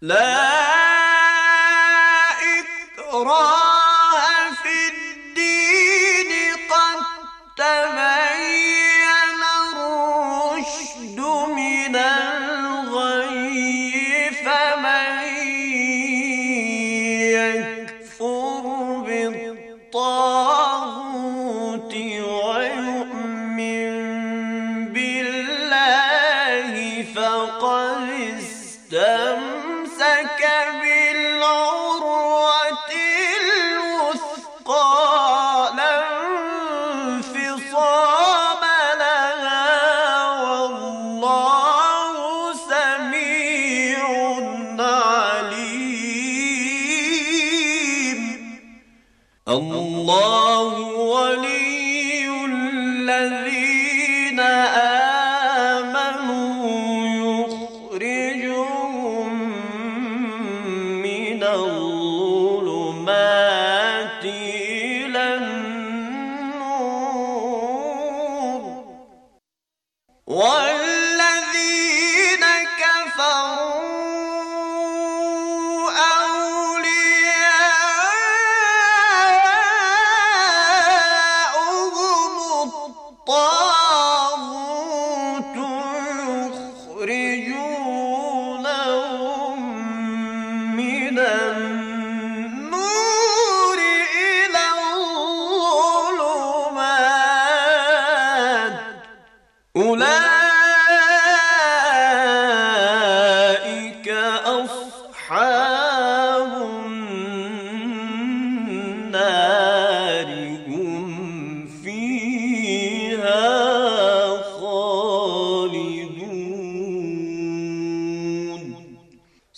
La,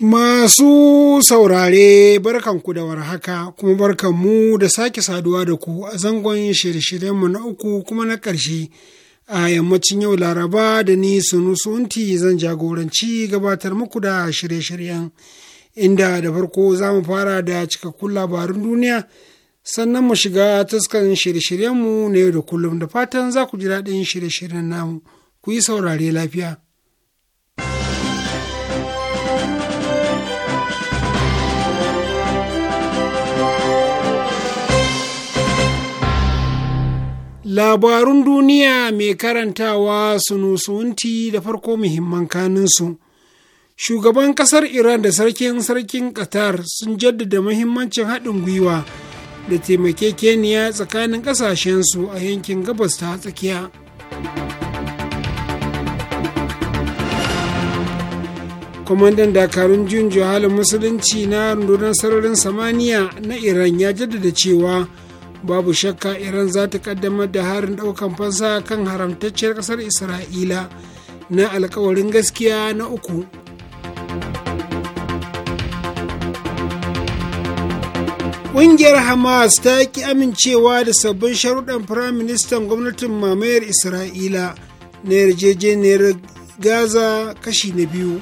Masu saurare barkanku da warhaka kuma barkan mu da sake saduwa da ku a zangon shirye-shiryenmu na uku kuma na ƙarshe a yammacin yau laraba da ni sunti zan jagoranci gabatar muku da shirye-shiryen inda da farko za mu fara da cikakkun labarun duniya. sannan mu shiga taskan shirye-shiryenmu na yau da kullum da fatan za ku ji daɗin shirye-shiryen namu ku yi saurare lafiya. Labarun duniya mai karantawa su sunusunti da farko muhimman kaninsu. Shugaban ƙasar Iran da sarkin sarkin Qatar sun jaddada muhimmancin haɗin gwiwa. da taimake keniya tsakanin ƙasashensu a yankin gabas ta tsakiya kwamandan dakarun jin halin musulunci na rundunar sararin samaniya na iran ya jaddada cewa babu shakka iran za ta kaddamar da harin daukan fansa kan haramtacciyar kasar isra'ila na alkawarin gaskiya na uku Ƙungiyar Hamas ta ki amincewa da sabbin sharuɗan Firaministan gwamnatin mamayar Isra'ila na yarjejeniyar Gaza kashi na biyu.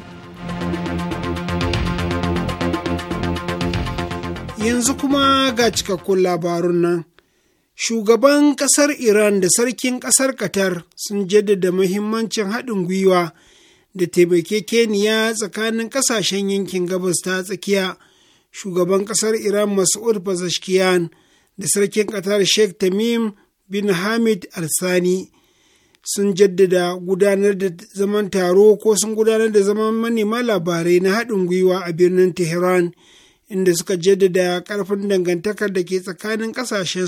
Yanzu kuma ga cikakkun labarun nan. Shugaban ƙasar Iran da sarkin ƙasar Qatar sun jaddada muhimmancin haɗin gwiwa da taimake taimakekeniya tsakanin ƙasashen yankin gabas ta tsakiya. shugaban ƙasar iran mas'ud pezeshkian da sarkin ƙatar sheikh tamim bin hamid al-sani sun jaddada gudanar da zaman taro ko sun gudanar da zaman manema labarai na haɗin gwiwa a birnin tehran inda suka jaddada ƙarfin dangantakar da ke tsakanin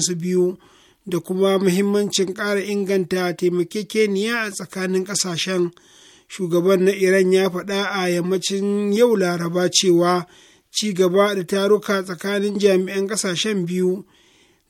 su biyu da kuma muhimmancin ƙara inganta taimakekeniya a tsakanin ƙasashen shugaban na iran ya faɗa a yammacin yau laraba cewa ci gaba da taruka tsakanin jami'an ƙasashen biyu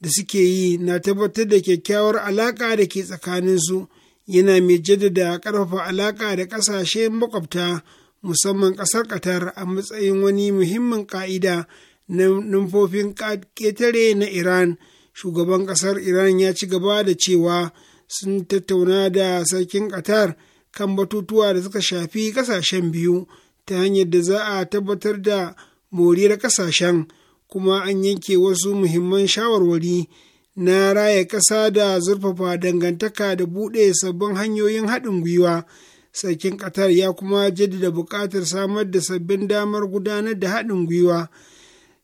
da suke yi na tabbatar da kyakkyawar alaƙa da ke tsakanin su yana mai jaddada ƙarfafa alaƙa da ƙasashen makwabta musamman ƙasar qatar a matsayin wani muhimmin ƙa'ida na numfofin ƙetare na iran shugaban ƙasar iran ya ci gaba da cewa sun tattauna da sarkin qatar kan batutuwa da suka shafi ƙasashen biyu ta hanyar da za a tabbatar da moriyar ƙasashen kuma an yanke wasu muhimman shawarwari na raya ƙasa da zurfafa dangantaka da buɗe sabbin hanyoyin haɗin gwiwa sarkin ƙatar ya kuma jaddada buƙatar samar da sabbin damar gudanar da haɗin gwiwa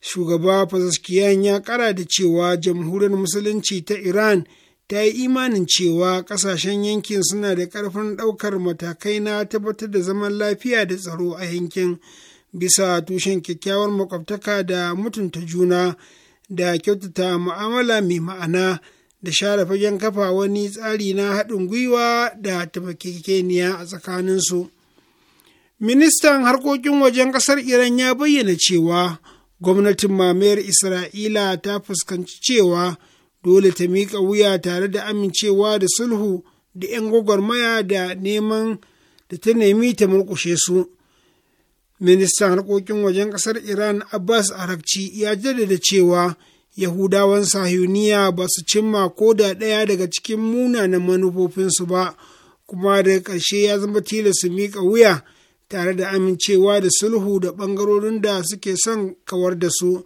shugaba fasaskiyan ya kara da cewa jamhuriyar musulunci ta iran ta yi imanin cewa ƙasashen yankin suna da ƙarfin ɗaukar matakai na tabbatar da zaman lafiya da tsaro a yankin. bisa tushen kyakkyawar makwabtaka da mutunta juna da kyautata mu'amala mai ma'ana da share fagen kafa wani tsari na haɗin gwiwa da taimakekeniya a tsakaninsu. Ministan harkokin wajen ƙasar Iran ya bayyana cewa gwamnatin mamayar Isra'ila ta fuskanci cewa dole ta miƙa wuya tare da amincewa da sulhu da ‘yan gwagwarmaya da neman da ta nemi ta murƙushe su. ministan harkokin wajen Kasar iran abbas arakci ya jaddada cewa yahudawan Sahuniya ba su cimma ko da ɗaya daga cikin munanan manufofinsu ba kuma daga ƙarshe ya zama tilas su miƙa wuya tare da amincewa da sulhu da ɓangarorin da suke son kawar da su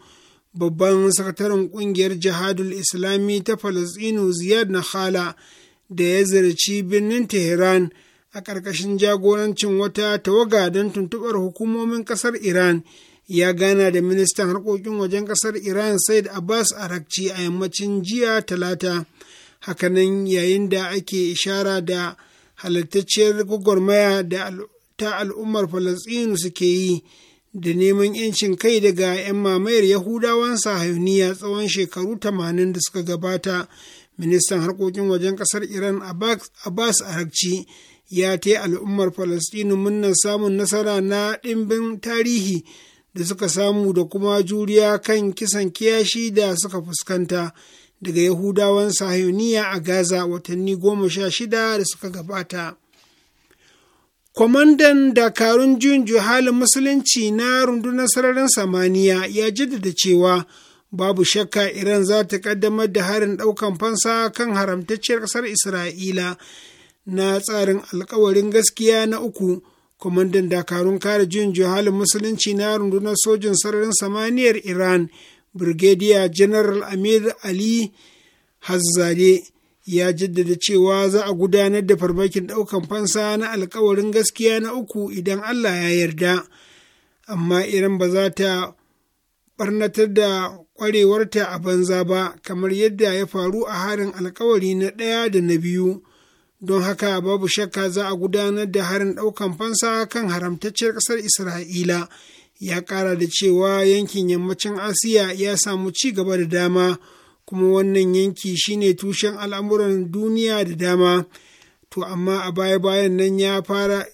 babban sakataren ƙungiyar jihadul islami ta falasɗinu ziyad nakhala da ya ziyarci birnin tehran a ƙarƙashin jagorancin wata tawaga don tuntuɓar hukumomin ƙasar Iran ya gana da ministan harkokin wajen ƙasar Iran Said Abbas Arakci a yammacin jiya talata. Hakanan yayin da ake ishara da halittacciyar gwagwarmaya da ta al'ummar Falasɗinu suke yi da neman ‘yancin kai daga ‘yan mamayar Yahudawan sahayuniya tsawon shekaru tamanin da suka gabata. Ministan harkokin wajen ƙasar Iran Abbas Arakci ya ta al'ummar falastinu muna samun nasara na ɗimbin tarihi da suka samu da kuma juriya kan kisan kiyashi da suka fuskanta daga yahudawan sahiyoniya a gaza watanni goma sha shida da suka gabata kwamandan dakarun juyin juhalin musulunci na rundunar sararin samaniya ya jaddada cewa babu shakka iran za ta kaddamar da harin daukan fansa kan haramtacciyar ƙasar isra'ila na tsarin alkawarin gaskiya na uku kwamandan dakarun kare juyin juhalin musulunci na rundunar sojin sararin samaniyar iran brigadier general amir ali hazzade ya jaddada cewa za a gudanar da farmakin ɗaukan fansa na alkawarin gaskiya na uku idan allah ya yarda amma iran ba za ta barnatar da kwarewarta a banza ba kamar yadda ya faru a harin alkawari na ɗaya da na biyu don haka babu shakka za a gudanar da harin ɗaukan fansa kan haramtacciyar ƙasar isra'ila ya ƙara da cewa yankin yammacin asiya ya samu ci gaba da dama kuma wannan yanki shine tushen al'amuran duniya da dama to amma a baya-bayan nan ya fara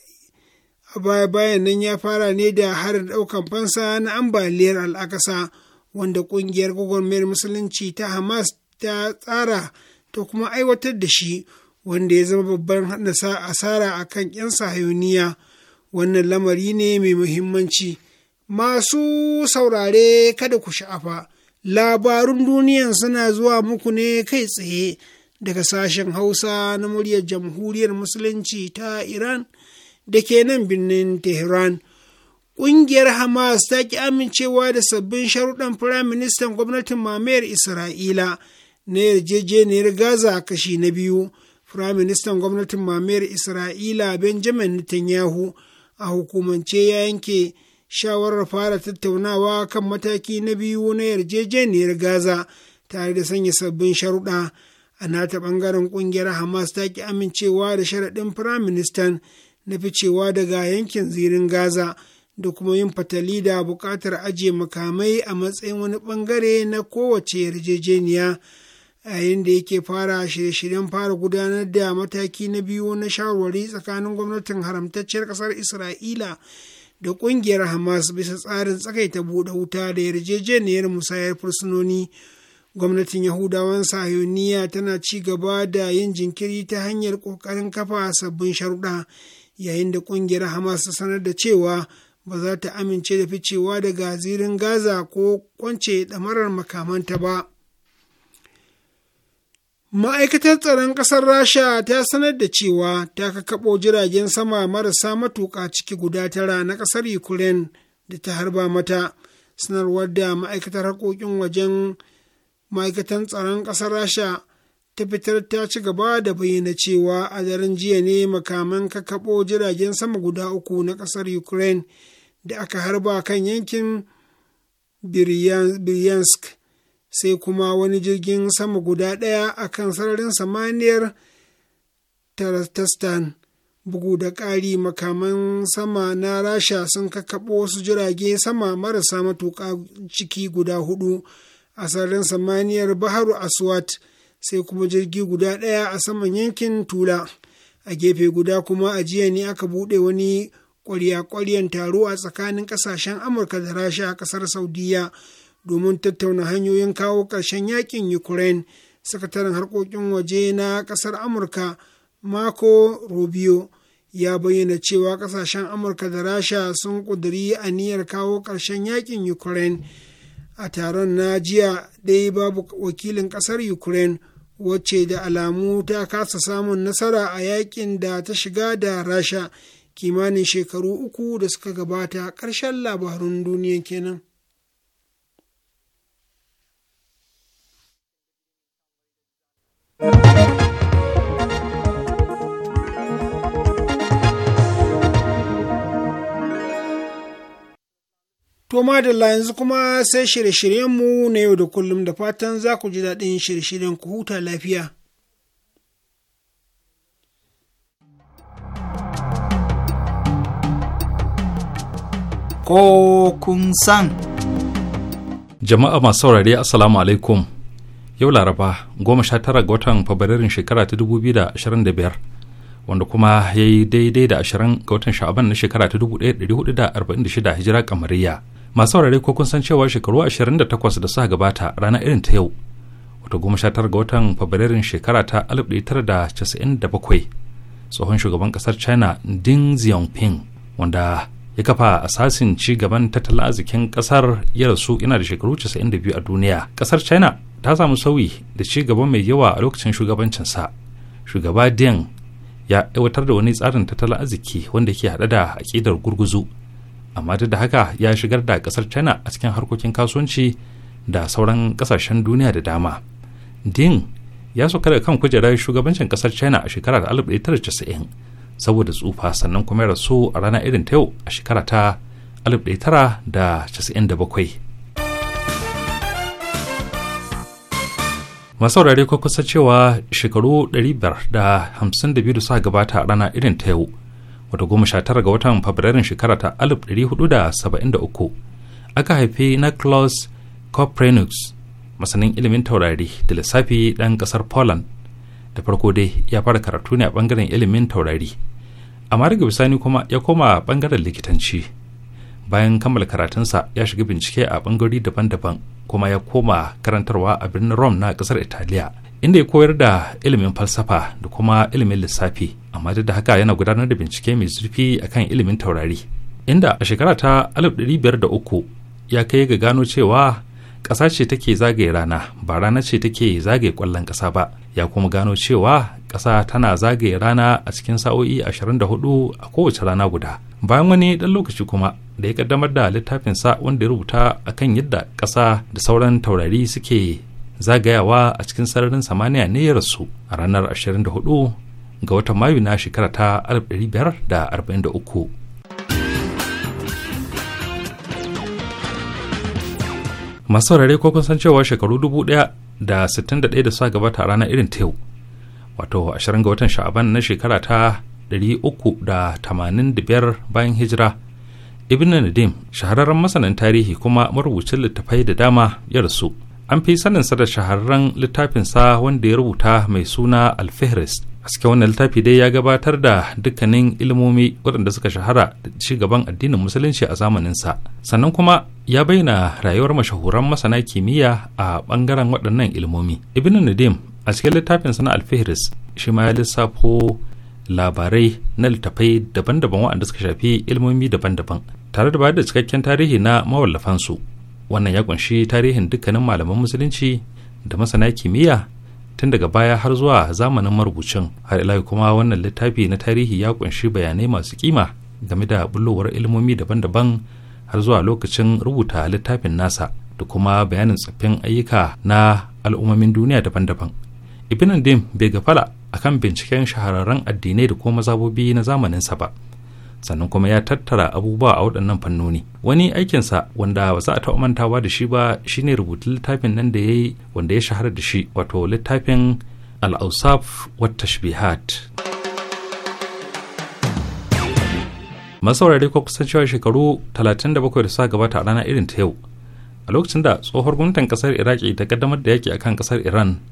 a baya-bayan nan ya fara ne da harin ɗaukan fansa na ambaliyar al'akasa wanda ƙungiyar gwagwarmayar musulunci ta hamas ta tsara ta kuma aiwatar da shi wanda ya zama babban asara a kan 'yan sahayuniya wannan lamari ne mai muhimmanci masu saurare kada ku sha'afa labarun duniyan suna zuwa muku ne kai tsaye daga sashen hausa na muryar jamhuriyar musulunci ta iran da ke nan birnin tehran ƙungiyar hamas ta ki amincewa da sabbin sharuɗan firaministan gwamnatin mamayar isra'ila na yarjejeniyar gaza kashi na biyu Firaministan gwamnatin mamayar Isra'ila Benjamin Netanyahu a hukumance ya yanke shawarar fara tattaunawa kan mataki na biyu na yarjejeniyar Gaza tare da sanya sabbin sharuɗa. A nata ɓangaren ƙungiyar Hamas ta ki amincewa da sharaɗin Firaministan na ficewa daga yankin zirin Gaza da kuma yin fatali da buƙatar ajiye makamai a matsayin wani ɓangare na kowace yarjejeniya. yayin da yake fara shirye-shiryen fara gudanar da mataki na biyu na shawarwari tsakanin gwamnatin haramtacciyar ƙasar isra'ila da ƙungiyar hamas bisa tsarin tsakaita buɗe wuta da yarjejeniyar musayar fursunoni gwamnatin yahudawan sahiyoniya tana ci gaba da yin jinkiri ta hanyar ƙoƙarin kafa sabbin sharuɗa yayin da ƙungiyar hamas ta sanar da cewa ba za ta amince da ficewa daga zirin gaza ko kwance ɗamarar makamanta ba. Ma'aikatar tsaron ƙasar Rasha ta sanar da cewa ta kakaɓo jiragen sama marasa matuƙa ciki guda tara na ƙasar Ukraine da ta harba mata. Sanarwar da ma'aikatar harkokin wajen ma'aikatan tsaron ƙasar Rasha ta fitar ta ci gaba da bayyana cewa a daren jiya ne makaman kakaɓo jiragen sama guda uku na ƙasar Ukraine da aka harba kan yankin Biryansk. sai kuma wani jirgin sama guda ɗaya a kan sararin samaniyar tarastan bugu da ƙari makaman sama na rasha sun kakaɓo wasu jirage sama marasa matuƙa ciki guda hudu a sararin samaniyar baharu aswat sai kuma jirgi guda ɗaya a saman yankin tula a gefe guda kuma a jiya ne aka buɗe wani ƙwarya-ƙwaryan taro a tsakanin ƙasashen amurka da rasha a ƙasar saudiya domin tattauna hanyoyin kawo ƙarshen yakin ukraine sakataren harkokin waje na ƙasar amurka marco rubio ya bayyana cewa ƙasashen amurka da rasha sun a aniyar kawo ƙarshen yakin ukraine a taron na jiya dai babu wakilin ƙasar ukraine wacce da alamu ta kasa samun nasara a yakin da ta shiga da rasha kimanin shekaru uku da suka gabata ƙarshen labarun duniya kenan. To madalla yanzu kuma sai shirye-shiryenmu na yau da kullum da fatan za ku ji daɗin shirye-shiryen ku huta lafiya. Ko kun san. Jama'a masu saurare Assalamu alaikum. yau laraba goma sha tara ga watan fabrairun shekara ta dubu biyu da ashirin da biyar wanda kuma ya yi daidai da ashirin ga watan sha'aban na shekara ta dubu ɗaya ɗari hudu da arba'in da shida hijira kamariya masu saurare ko kun san cewa shekaru ashirin da takwas da suka gabata rana irin ta yau wata goma sha tara ga watan fabrairun shekara ta alif ɗaya tara da casa'in da bakwai tsohon shugaban ƙasar china ding xiaoping wanda ya kafa asasin ci gaban tattalin arzikin kasar ya rasu yana da shekaru 92 a duniya kasar china ta samu sauyi da ci gaba mai yawa a lokacin shugabancinsa shugaba deng ya aiwatar da wani tsarin tattalin arziki wanda ke hada da aƙidar gurguzu amma duk da haka ya shigar da ƙasar china a cikin harkokin kasuwanci da sauran ƙasashen duniya da dama deng ya sauka da kan kujerar shugabancin ƙasar china a shekarar 1990 saboda tsufa sannan kuma ya rasu a ranar irin ta yau a shekara ta 1997 masu saurare ko kusa cewa shekaru 552 da suka gabata a rana irin ta yau wata goma sha tara ga watan fabrairun shekara ta 1473 aka haifi na claus Copernicus masanin ilimin taurari da lissafi ɗan ƙasar Poland da farko dai ya fara karatu ne a bangaren ilimin taurari amma daga bisani kuma ya koma ɓangaren likitanci bayan kammala karatunsa ya shiga bincike a bangarori daban-daban kuma ya koma karantarwa a birnin rome na kasar italiya inda ya koyar da ilimin falsafa da kuma ilimin lissafi amma duk da haka yana gudanar da bincike mai zurfi akan ilimin taurari inda a shekara ta alif biyar da uku ya kai ga gano cewa ƙasa ce take zagaye rana ba rana ce take zagaye ƙwallon ƙasa ba ya kuma gano cewa ƙasa tana zagaye rana a cikin sa'o'i ashirin da hudu a kowace rana guda bayan wani ɗan lokaci kuma da ya kaddamar da littafinsa wanda ya rubuta a kan yadda ƙasa da sauran taurari suke zagayawa a cikin sararin samaniya ne ya rasu a ranar 24 ga watan mayu na shekara ta 1543 masu saurare ko kun san cewa shekaru 1000 da 61 da suka gabata a ranar irin ta wato 20 ga watan sha'aban na shekara ta 385 bayan hijira ibn nadim shahararren masanin tarihi kuma marubucin littafai da dama ya rasu an fi sanin sa da shahararren littafinsa wanda ya rubuta mai suna alfihris a cikin wannan littafi dai ya gabatar da dukkanin ilmomi waɗanda suka shahara da gaban addinin musulunci a zamaninsa sannan kuma ya bayyana rayuwar mashahuran masana kimiyya a ɓangaren waɗannan ilmomi ibn nadim a cikin littafinsa na alfihris shi ma ya lissafo labarai na littafai daban-daban waɗanda suka shafi ilmomi daban-daban tare da bayar da cikakken tarihi na mawallafansu wannan ya kunshi tarihin dukkanin malaman musulunci da masana kimiyya tun daga baya har zuwa zamanin marubucin har ila kuma wannan littafi na tarihi ya kunshi bayanai masu kima game da bullowar ilmomi daban-daban har zuwa lokacin rubuta littafin nasa da kuma bayanin tsaffin ayyuka na al'ummomin duniya daban-daban ibn dim bai gafala akan binciken shahararren addinai da kuma mazabobi na zamaninsa ba sannan kuma ya tattara abubuwa a waɗannan fannoni wani aikinsa wanda ba za a taɓa mantawa da shi ba shine rubutun littafin nan da ya yi wanda ya shahara da shi wato littafin al'ausaf wata shibihat masaurari ko kusan cewa shekaru 37 da suka gabata a rana irin ta yau a lokacin da tsohuwar gwamnatin kasar iraki ta kaddamar da yaki akan kasar iran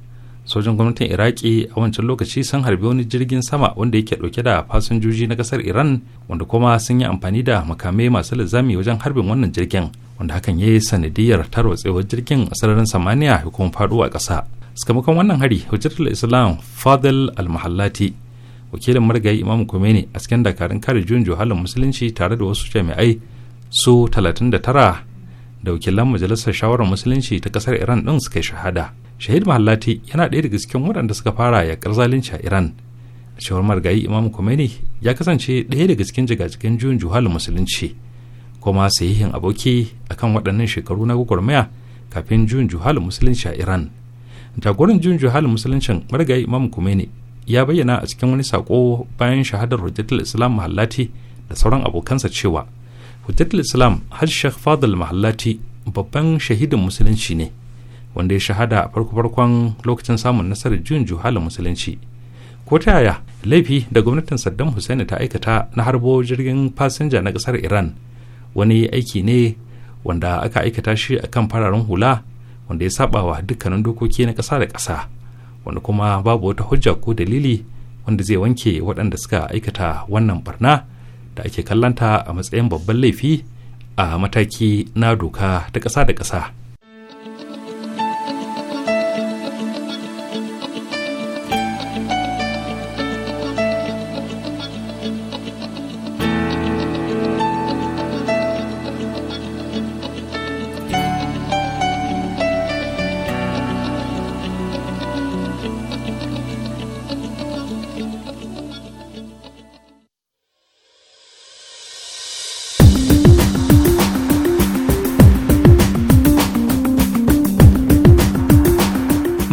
sojin gwamnatin iraki a wancan lokaci sun harbi wani jirgin sama wanda yake dauke da fasinjoji na kasar iran wanda kuma sun yi amfani da makamai masu linzami wajen harbin wannan jirgin wanda hakan ya yi sanadiyar tarwatsewar jirgin a sararin samaniya ya kuma faɗo a ƙasa sakamakon wannan hari hujjatul islam fadl al-mahallati wakilin marigayi imam kumeni a cikin dakarun kare juyin juhalin musulunci tare da wasu jami'ai su 39 da wakilan majalisar shawarar musulunci ta kasar iran din suka shahada shahid mahallati yana ɗaya daga cikin waɗanda suka fara yakar zalunci a iran da cewar margayi imam khomeini ya kasance ɗaya daga cikin jigajigan juyin juhalin musulunci kuma sahihin aboki akan waɗannan shekaru na gwagwarmaya kafin juyin juhalin musulunci a iran jagoran juyin juhalin musuluncin margayi imam khomeini ya bayyana a cikin wani sako bayan shahadar hujjatul islam mahallati da sauran abokansa cewa hujjatul islam har shekh fadl mahallati babban shahidin musulunci ne wanda ya shahada a farko-farkon lokacin samun nasarar juyin juhalin musulunci ko ta yaya laifi da gwamnatin saddam hussein ta aikata na harbo jirgin fasinja na kasar iran wani aiki ne wanda aka aikata shi a kan fararen hula wanda ya saba wa dukkanin dokoki na ƙasa da ƙasa wanda kuma babu wata hujja ko dalili wanda zai wanke waɗanda suka aikata wannan barna da ake kallanta a matsayin babban laifi a mataki na doka ta ƙasa da ƙasa.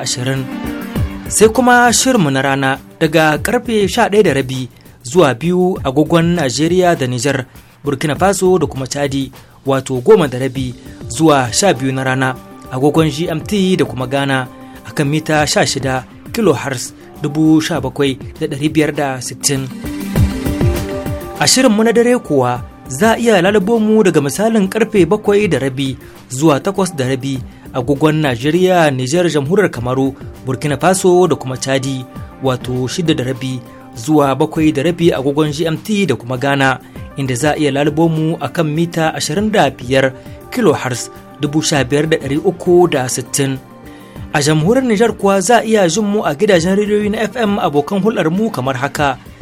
ashirin sai kuma shirinmu na rana daga karfe rabi zuwa biyu agogon Najeriya da Nijar Burkina Faso da kuma Chadi wato goma da rabi zuwa sha biyu na rana agogon GMT da kuma Ghana a kan mita 16 kilohertz 17,560 a shirinmu na dare kuwa za a iya lalabo mu daga misalin karfe bakwai da rabi zuwa takwas da rabi agogon Najeriya, Nijar, Jamhuriyar Kamaru, Burkina Faso da kuma Chadi, wato shida da rabi zuwa bakwai da rabi agogon GMT da kuma Ghana, inda za a iya lalabo mu a kan mita 25 kHz 15,360. A jamhuriyar Nijar kuwa za a iya jin mu a gidajen rediyoyi na FM abokan hulɗar mu kamar haka.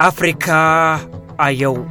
Afirka a yau.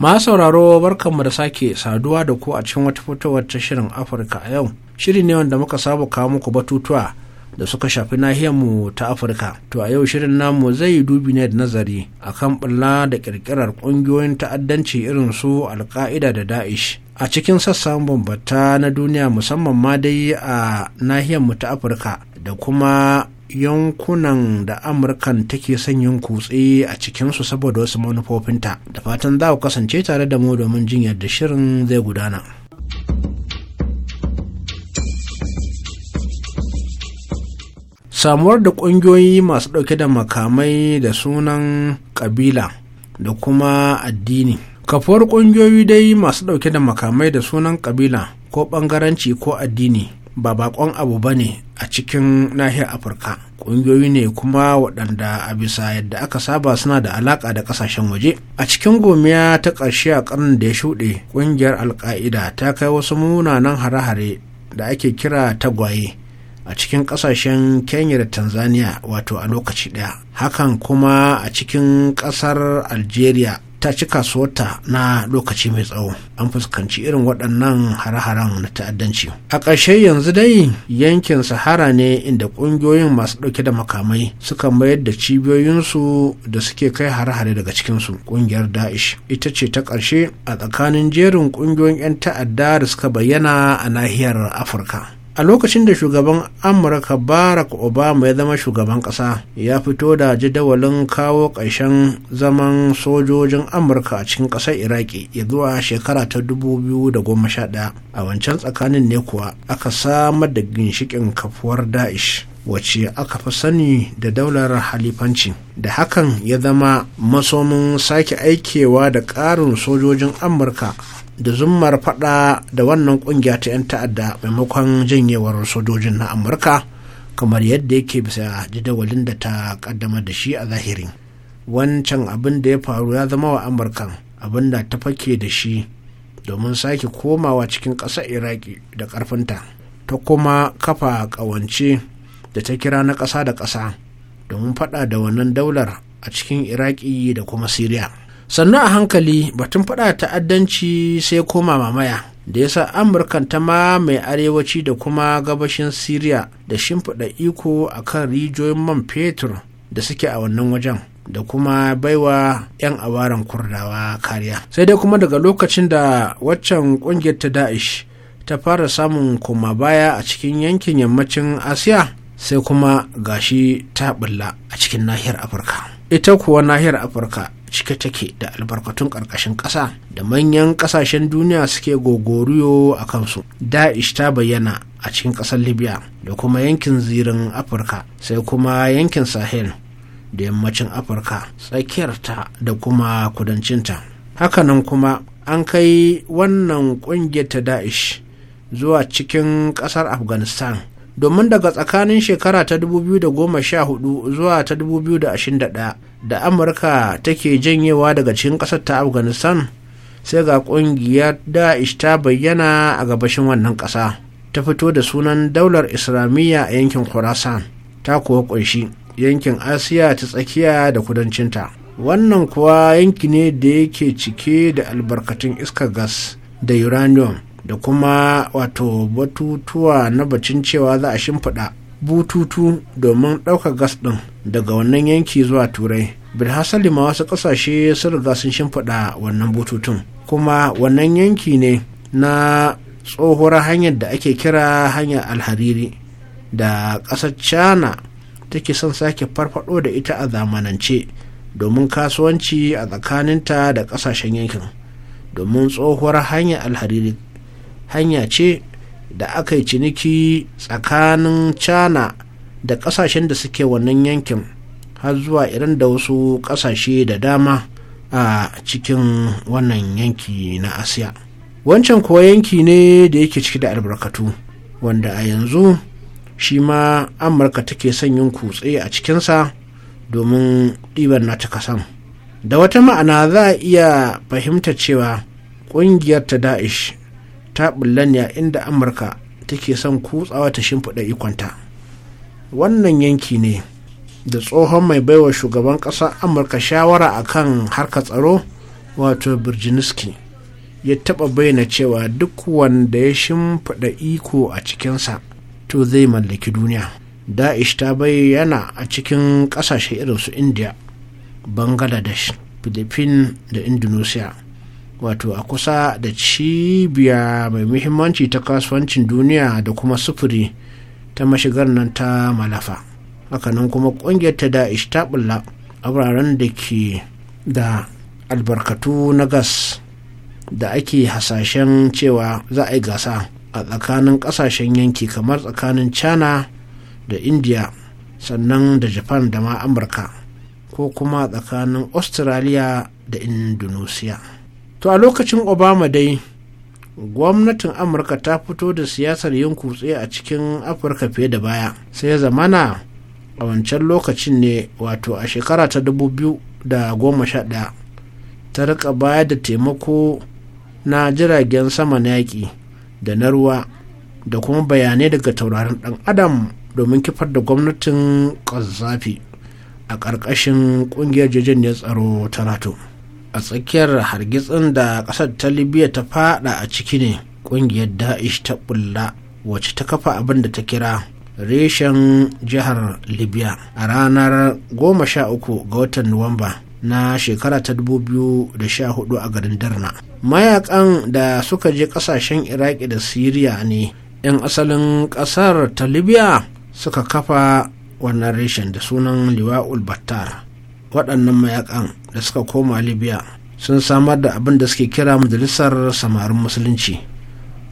Ma sauraro barkanmu da sake saduwa da ku a cikin wata fitowar ta shirin Afirka a yau. Shiri ne wanda muka saba kawo muku batutuwa da suka shafi nahiyarmu ta Afirka. To a yau shirin namu zai dubi ne da nazari a kan bulla da kirkirar ƙungiyoyin ta'addanci irin su Alka'ida da Da'ish. a cikin sassan bambata na duniya musamman ma dai a nahiyarmu ta afirka da kuma yankunan da amurkan take son yin kutse a cikinsu saboda wasu manufofinta da fatan za ku kasance tare da mu domin jin yadda shirin zai gudana samuwar da ƙungiyoyi masu ɗauke da makamai da sunan ƙabila da kuma addini kafuwar ƙungiyoyi dai masu ɗauke da makamai da sunan ƙabila ko ɓangaranci ko addini ba bakon abu ba ne a cikin nahiyar afirka ƙungiyoyi ne kuma waɗanda a bisa yadda aka saba suna da alaƙa da ƙasashen waje a cikin gomiya ta ƙarshe a ƙarnin da ya shuɗe ƙungiyar alƙa'ida ta kai wasu munanan hare-hare da ake kira tagwaye a cikin ƙasashen kenya da tanzania wato a lokaci ɗaya hakan kuma a cikin ƙasar algeria ta ci kasuwarta na lokaci mai tsawo an fuskanci irin waɗannan hare-haren na ta'addanci a ƙarshe yanzu dai yankin sahara ne inda ƙungiyoyin masu ɗauke da makamai suka mayar da cibiyoyinsu da suke kai hare-hare daga cikinsu ƙungiyar da'ish ita ce ta ƙarshe a tsakanin jerin ƙungiyoyin 'yan ta'adda da suka bayyana a nahiyar afirka a lokacin da shugaban amurka barack obama ya zama shugaban ƙasa ya fito da jadawalin kawo ƙarshen zaman sojojin amurka a cikin ƙasar iraki ya zuwa shekara ta 2011 a wancan tsakanin ne kuwa aka samar da ginshikin kafuwar daesh wacce aka fi sani da daular halifanci da hakan ya zama masomin sake aikewa da ƙarin sojojin amurka da zummar fada da wannan kungiya ta 'yan ta'adda maimakon janyewar sojojin na amurka kamar yadda yake bisa jadawalin da ta kaddamar da shi a zahiri, wancan abin da ya faru ya zama wa amurka abin da ta fake da shi domin sake komawa cikin ƙasar iraki da ƙarfinta ta kuma kafa ƙawance da ta kira na ƙasa da ƙasa domin faɗa da wannan daular a cikin iraki da kuma siriya sannu a hankali batun faɗa ta'addanci sai koma mamaya da yasa amurkan ta ma mai arewaci da kuma gabashin syria da shimfiɗa iko a kan rijiyoyin man fetur da suke a wannan wajen da kuma baiwa 'yan awaran kurdawa kariya sai dai kuma daga lokacin da waccan ƙungiyar ta da'ish ta fara samun koma baya a cikin yankin yammacin asiya sai kuma gashi ta bulla a cikin nahiyar afirka ita kuwa nahiyar afirka cike take da albarkatun ƙarƙashin ƙasa da manyan ƙasashen duniya suke gogoriyo a kansu da'ish ta bayyana a cikin ƙasar libya da kuma yankin zirin afirka sai kuma yankin sahel da yammacin afirka tsakiyarta da kuma kudancinta hakanan kuma an kai wannan ƙungiyar ta da'ish zuwa cikin ƙasar afghanistan domin daga tsakanin shekara ta 2014 zuwa ta 2021 da amurka take janyewa daga cikin ƙasar ta afghanistan sai ga ƙungiyar da'ish ta bayyana a gabashin wannan ƙasa ta fito da sunan daular islamiyya a yankin khurasan ta kuwa ƙunshi yankin asiya ta tsakiya da kudancinta wannan kuwa yanki ne da yake cike da albarkatun iskar gas da uranium da kuma wato batutuwa na bacin cewa za a shimfiɗa bututu domin ɗaukar gas ɗin daga wannan yanki zuwa turai bilhassali ma wasu ƙasashe sun riga sun shimfiɗa wannan bututun kuma wannan yanki ne na tsohuwar hanyar da ake kira hanyar alhariri da ƙasar china take son sake farfado da ita a zamanance domin kasuwanci a tsakaninta da ƙasashen yankin domin tsohuwar hanyar alhariri hanya ce da aka yi ciniki tsakanin china da kasashen da suke wannan yankin har zuwa irin da wasu kasashe da dama a cikin wannan yanki na asiya wancan kuwa yanki ne da yake ciki da albarkatu wanda a yanzu shi ma amurka take son yin kutse a cikinsa domin ɗiban na ta kasan da wata ma'ana za a iya fahimta cewa ƙungiyar ta da'ish ta ɓullan ya inda amurka take son kutsawa ta shimfiɗa ikonta wannan yanki ne da tsohon mai baiwa shugaban ƙasar amurka shawara a kan harka tsaro wato birjiniski ya taɓa bayyana cewa duk wanda ya shimfiɗa iko a cikinsa to zai mallaki duniya da'ish ta bayyana a cikin ƙasashe irin su india bangladesh philippines da indonesia wato a kusa da cibiya mai muhimmanci ta kasuwancin duniya da kuma sufuri ta mashigar nan ta malafa hakanan kuma ƙungiyar ta da'ish ta bulla a wuraren da ke da albarkatu na gas da ake hasashen cewa za a yi gasa a tsakanin ƙasashen yanki kamar tsakanin china da india sannan da japan da ma amurka ko kuma tsakanin australia da indonesia to a lokacin obama dai gwamnatin amurka ta fito da siyasar yin kutse a cikin afirka fiye da baya sai zamana a wancan lokacin ne wato a shekara ta dubu biyu da goma 2011 ta rika baya da taimako na jiragen sama na yaƙi da na ruwa da kuma bayanai daga taurarin dan adam domin kifar da gwamnatin ƙazafi a ƙarƙashin ƙungiyar ne tsaro ta nato a tsakiyar hargitsin da ƙasar ta libya ta fada a ciki ne ƙungiyar Daesh ta bulla wacce ta kafa abin da ta kira reshen jihar libya a ranar 13 ga watan nuwamba na shekara ta 2014 a garin darna mayakan da suka je kasashen iraki da siriya ne 'yan asalin kasar ta libya suka kafa wannan reshen da sunan liwa'ul battar waɗannan mayakan da suka koma libya sun samar da abin da suke kira majalisar samarin musulunci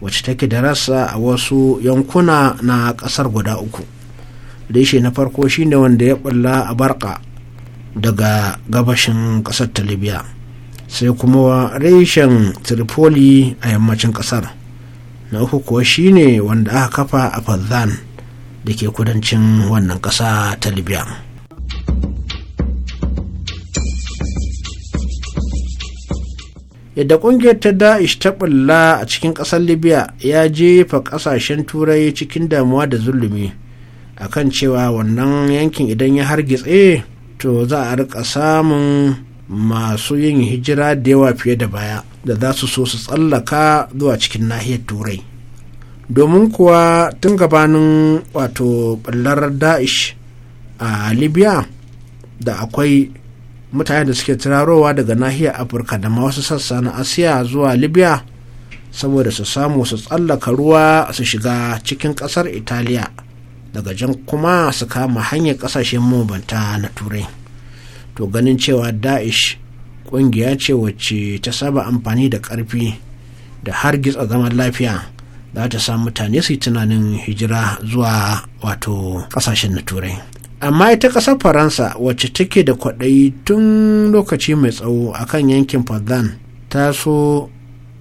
wacce take da rasa a wasu yankuna na ƙasar guda uku reshe na farko shine wanda ya bulla a barka daga gabashin ƙasar ta libya sai kuma reshen tripoli a yammacin ƙasar na uku kuwa shine wanda aka kafa a fadzan da ke kudancin wannan ƙasa ta libya yadda kungiyar ta da'ish ta bulla a cikin kasar libya ya jefa kasashen turai cikin damuwa da zulumi akan cewa wannan yankin idan ya hargitse to za a rika samun masu yin hijira da yawa fiye da baya da za su so su tsallaka zuwa cikin nahiyar turai domin kuwa tun gabanin wato bullar da'ish a libya da akwai mutane da suke turarowa daga nahiyar afirka da ma wasu sassa na asiya zuwa libya saboda su samu su tsallaka ruwa su shiga cikin kasar italiya daga jan kuma su kama hanyar kasashen mabanta na turai to ganin cewa daesh kungiya ce wacce ta saba amfani da karfi da har gitsa zaman lafiya za ta sa mutane su yi tunanin hijira zuwa wato kasashen na turai amma ita ƙasar faransa wacce take da kwaɗayi tun lokaci mai tsawo a kan yankin Fadlan ta so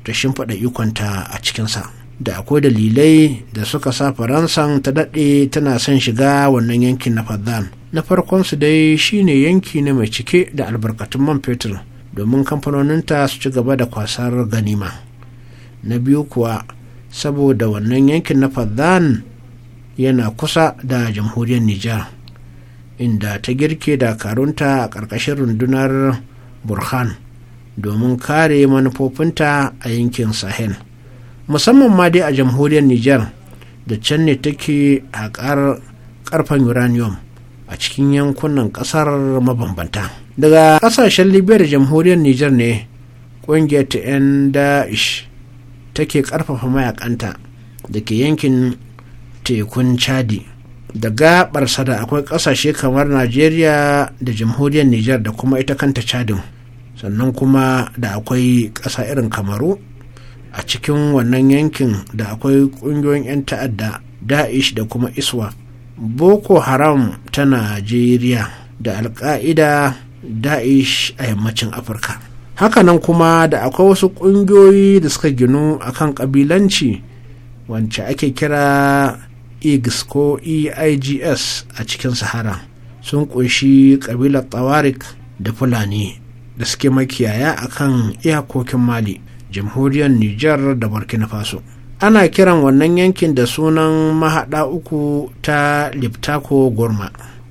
ta shimfiɗa ikonta a cikinsa da akwai dalilai da suka sa faransan ta daɗe tana son shiga wannan yankin na Fadlan. na farkon su dai shine yanki na mai cike da albarkatun man fetur domin kamfanoninta su ci gaba da kwasar ganima na biyu kuwa saboda wannan yankin na Fadlan yana kusa da jamhuriyar nijar inda ta girke dakarunta a ƙarƙashin rundunar burhan domin kare manufofinta a yankin sahel musamman ma dai a jamhuriyar niger da can ne take haƙar ƙarfen uranium a cikin yankunan ƙasar mabambanta daga ƙasashen libya da jamhuriyar niger ne ƙungiyar ta 'yan da'ish take ƙarfafa mayakanta da ke yankin tekun chadi da gabar sada akwai kasashe kamar najeriya da jamhuriyar Nijar da kuma ita kanta chadin sannan kuma da akwai ƙasa irin kamaru a cikin wannan yankin da akwai ƙungiyoyin 'yan ta'adda da'ish da kuma iswa boko haram ta najeriya da alka'ida da'ish a yammacin afirka hakanan kuma da akwai wasu ƙungiyoyi da suka ginu akan ƙabilanci wance ake kira igs ko eigs a cikin sahara sun ƙunshi ƙabilar tawarik da fulani da suke makiyaya a kan iyakokin mali jamhuriyar Nijar da burkina faso ana kiran wannan yankin da sunan mahaɗa uku ta liptako gorma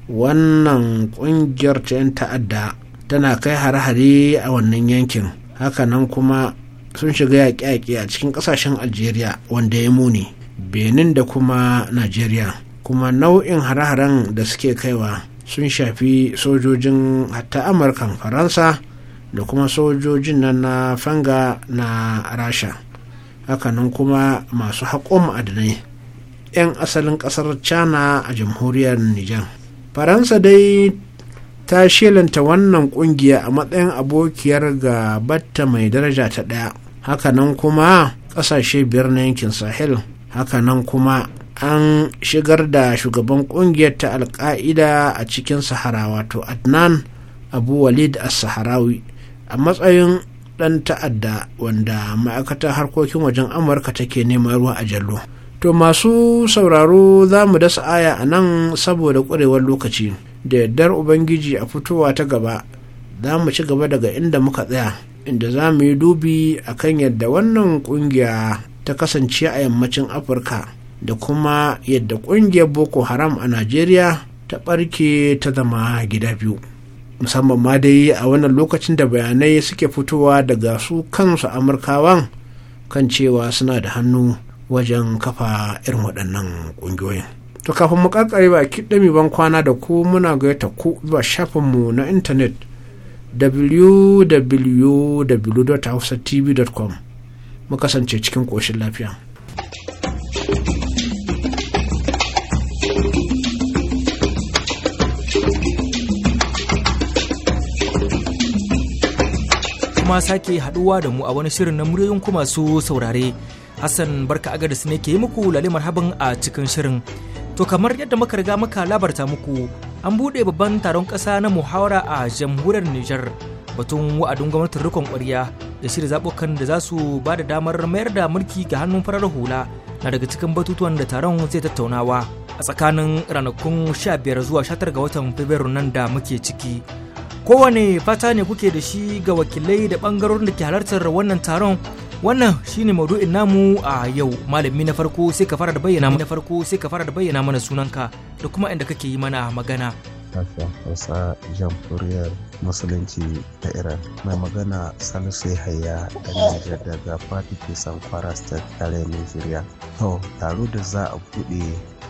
wannan ƙungiyar ta 'yan ta'adda tana kai hare-hare a wannan yankin hakanan kuma sun shiga yaƙe-yaƙe a cikin ƙasashen algeria wanda ya muni benin da kuma nigeria kuma nau'in hare-haren da suke kaiwa sun shafi sojojin hatta amurkan faransa da kuma sojojin nan na fanga na rasha hakanan kuma masu haƙon ma'adinai 'yan asalin ƙasar china a jamhuriyar nijar faransa dai ta shilanta wannan ƙungiya a matsayin abokiyar ga gabatta mai daraja ta ɗaya hakanan kuma ƙasashe biyar na yankin sahel hakanan kuma an shigar da shugaban kungiyar ta alka'ida a cikin sahara wato adnan abu walid as-saharawi a matsayin dan ta'adda wanda ma'aikatar harkokin wajen amurka take neman ruwa a jallo to masu sauraro za mu dasa aya a nan saboda ƙwarewar lokaci da yardar ubangiji a fitowa ta gaba za mu ci gaba daga inda muka tsaya inda za mu yi dubi akan yadda wannan kungiya ta kasance a yammacin afirka da kuma yadda kungiyar boko haram a najeriya ta barke ta zama gida biyu musamman ma dai a wannan lokacin da bayanai suke fitowa daga su kansu amurkawan kan cewa suna da hannu wajen kafa irin waɗannan ƙungiyoyin to kafin mu ƙarƙare ba ɗami ban kwana da ku muna gaita ku zuwa shafinmu na intanet www.hausatv.com mu kasance cikin koshin lafiya. kuma sake haduwa da mu a wani shirin na muryoyin ku masu saurare hassan barka agadis ne ke yi muku lalimar habin a cikin shirin to kamar yadda muka riga muka labarta muku an buɗe babban taron ƙasa na muhawara a jamhuriyar Nijar batun wa'adin gwamnatin rikon kwarya da shirya zaɓukan da za su ba da damar mayar da mulki ga hannun farar hula na daga cikin batutuwan da taron zai tattaunawa a tsakanin ranakun 15 zuwa 19 ga watan fabrairu nan da muke ciki kowane fata ne kuke da shi ga wakilai da ɓangarorin da ke halartar wannan taron wannan shine maudu'in namu a yau malami na farko sai ka fara da bayyana mana farko sai ka fara da bayyana mana sunanka da kuma inda kake yi mana magana Jamhuriyar musulunci ta iran mai magana salisu yahaya da niger daga fati ke sankwara state tare nigeria to taro da za a buɗe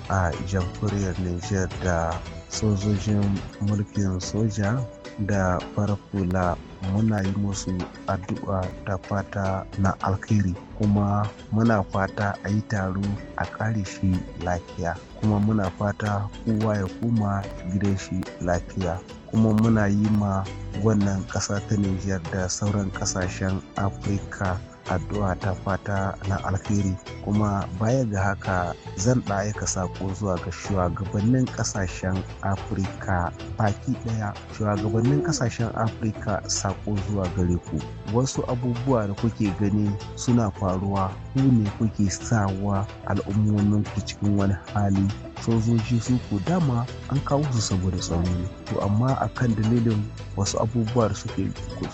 a jamhuriyar niger da sojojin mulkin soja da farfula muna yi musu addu'a ta fata na alkhairi kuma muna fata a yi taro a kare shi lafiya kuma muna fata kowa ya koma gidan shi lafiya kuma muna yi ma wannan ƙasa ta Nijar da sauran ƙasashen Afirka addu'a ta fata na alheri, kuma baya ga haka zan ɗaya sako zuwa ga shugabannin ƙasashen afirka baki ɗaya shugabannin ƙasashen afirka sako zuwa gare ku wasu abubuwa da kuke gani suna faruwa ku ne kuke sawa al'ummomin ku cikin wani hali sojoji su ko dama an kawo su saboda tsaro ne to amma a kan dalilin wasu abubuwa da suke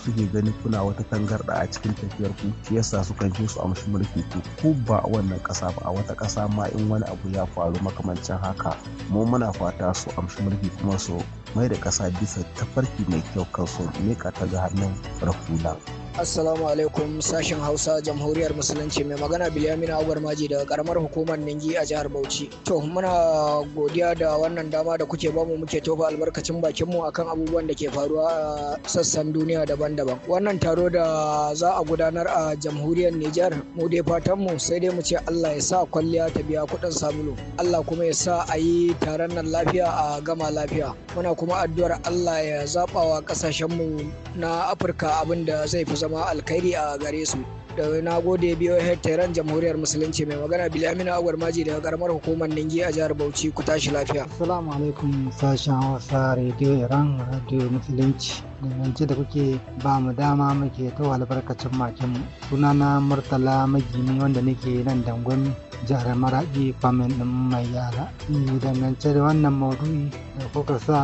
suke gani kuna wata tangarda a cikin tafiyar ku shi yasa su kan su amshi mulki to ko ba a wannan kasa ba a wata kasa ma in wani abu ya faru makamancin haka mu muna fata su amshi mulki kuma su mai da kasa bisa tafarki mai kyau kan su ne ka ta ga hannun rahula Assalamu alaikum sashen Hausa Jamhuriyar Musulunci mai magana Bilyamina Agwar Maji daga karamar hukumar Ningi a jihar Bauchi. To muna godiya da wannan dama da kuke bamu muke tofa albarkacin bakin mu akan abubuwan da ke faruwa a sassan duniya daban-daban. Wannan taro da za a gudanar a Jamhuriyar Nijar mu dai fatan mu sai dai mu ce Allah ya sa kwalliya ta biya kuɗin sabulu. Allah kuma ya sa a yi taron nan lafiya a gama lafiya. Muna kuma addu'ar Allah ya zaɓa wa ƙasashenmu na Afirka abin da zai fi zama zama alkhairi a gare su da na gode biyo tehran jamhuriyar musulunci mai magana bilamina agwar maji daga karamar hukumar ningi a jihar bauchi ku tashi lafiya assalamu alaikum sashen hausa radio iran radio musulunci yanci da kuke ba mu dama muke ta albarkacin makin sunana murtala magini wanda nake nan dangon jihar maraɗi famin din mai yara e, dangance da wannan maudu'i da kuka sa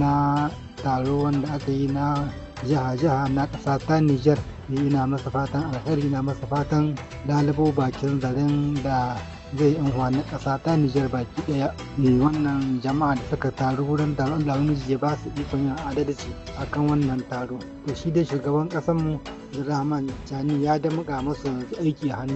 na taro wanda aka yi na jiha-jiha na ƙasa ta Nijar. Ina masa fatan alheri, ina masa fatan lalubo bakin zaren da zai yi amfani ƙasa ta Nijar baki ɗaya. ne Wannan jama'a da suka taru wurin taron Lamiji ya ba su ikon yin adalci kan wannan taro. To shi da shugaban mu Rahman Jani ya damuka masu aiki a